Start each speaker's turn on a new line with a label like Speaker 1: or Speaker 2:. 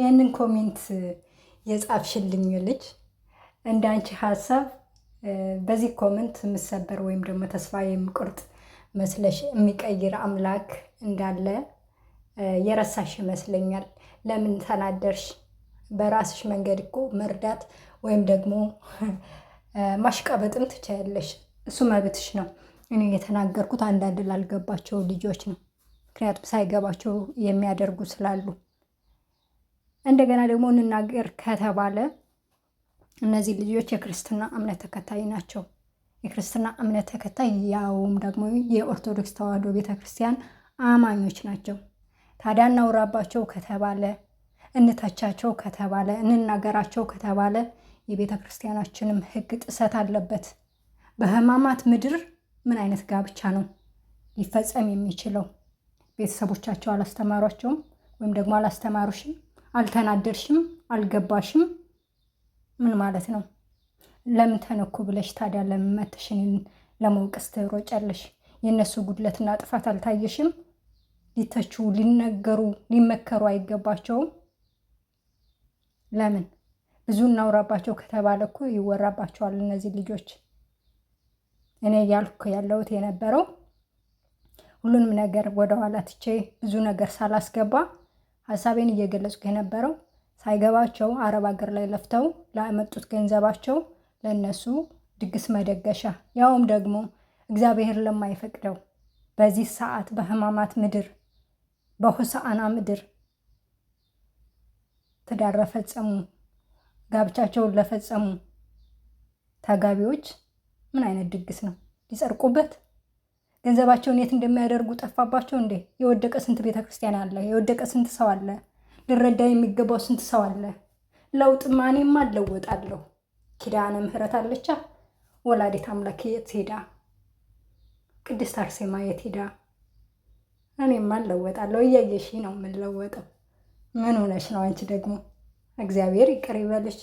Speaker 1: ይህንን ኮሜንት የጻፍሽልኝ ልጅ እንደ አንቺ ሀሳብ በዚህ ኮመንት የምሰበር ወይም ደግሞ ተስፋ የምቆርጥ መስለሽ የሚቀይር አምላክ እንዳለ የረሳሽ ይመስለኛል። ለምን ተናደርሽ? በራስሽ መንገድ እኮ መርዳት ወይም ደግሞ ማሽቀበጥም ትችያለሽ። እሱ መብትሽ ነው። እኔ የተናገርኩት አንዳንድ ላልገባቸው ልጆች ነው። ምክንያቱም ሳይገባቸው የሚያደርጉ ስላሉ እንደገና ደግሞ እንናገር ከተባለ እነዚህ ልጆች የክርስትና እምነት ተከታይ ናቸው። የክርስትና እምነት ተከታይ ያውም ደግሞ የኦርቶዶክስ ተዋሕዶ ቤተክርስቲያን አማኞች ናቸው። ታዲያ እናውራባቸው ከተባለ፣ እንታቻቸው ከተባለ፣ እንናገራቸው ከተባለ የቤተ ክርስቲያናችንም ሕግ ጥሰት አለበት። በሕማማት ምድር ምን አይነት ጋብቻ ነው ሊፈጸም የሚችለው? ቤተሰቦቻቸው አላስተማሯቸውም ወይም ደግሞ አላስተማሩሽም አልተናደርሽም አልገባሽም? ምን ማለት ነው? ለምን ተነኩ ብለሽ ታዲያ ለምን መተሽ ለመውቀስ ትሮጫለሽ? የእነሱ ጉድለትና ጥፋት አልታየሽም? ሊተቹ፣ ሊነገሩ፣ ሊመከሩ አይገባቸውም? ለምን ብዙ እናውራባቸው ከተባለ እኮ ይወራባቸዋል እነዚህ ልጆች። እኔ ያልኩ ያለሁት የነበረው ሁሉንም ነገር ወደኋላ ትቼ ብዙ ነገር ሳላስገባ ሀሳቤን እየገለጹ የነበረው ሳይገባቸው አረብ ሀገር ላይ ለፍተው ላመጡት ገንዘባቸው ለእነሱ ድግስ መደገሻ ያውም ደግሞ እግዚአብሔር ለማይፈቅደው በዚህ ሰዓት በህማማት ምድር በሆሳዕና ምድር ትዳር ለፈጸሙ ጋብቻቸውን ለፈጸሙ ተጋቢዎች ምን አይነት ድግስ ነው ሊጸርቁበት? ገንዘባቸውን የት እንደሚያደርጉ ጠፋባቸው እንዴ? የወደቀ ስንት ቤተ ክርስቲያን አለ? የወደቀ ስንት ሰው አለ? ልረዳ የሚገባው ስንት ሰው አለ? ለውጥ ማኔም አለወጣለሁ። ኪዳነ ምህረት አለቻ። ወላዲት አምላክ የት ሄዳ? ቅድስት አርሴማ የት ሄዳ? እኔም አለወጣለሁ። እያየሽ ነው የምንለወጠው። ምን ሆነሽ ነው አንቺ ደግሞ? እግዚአብሔር ይቅር ይበልሽ።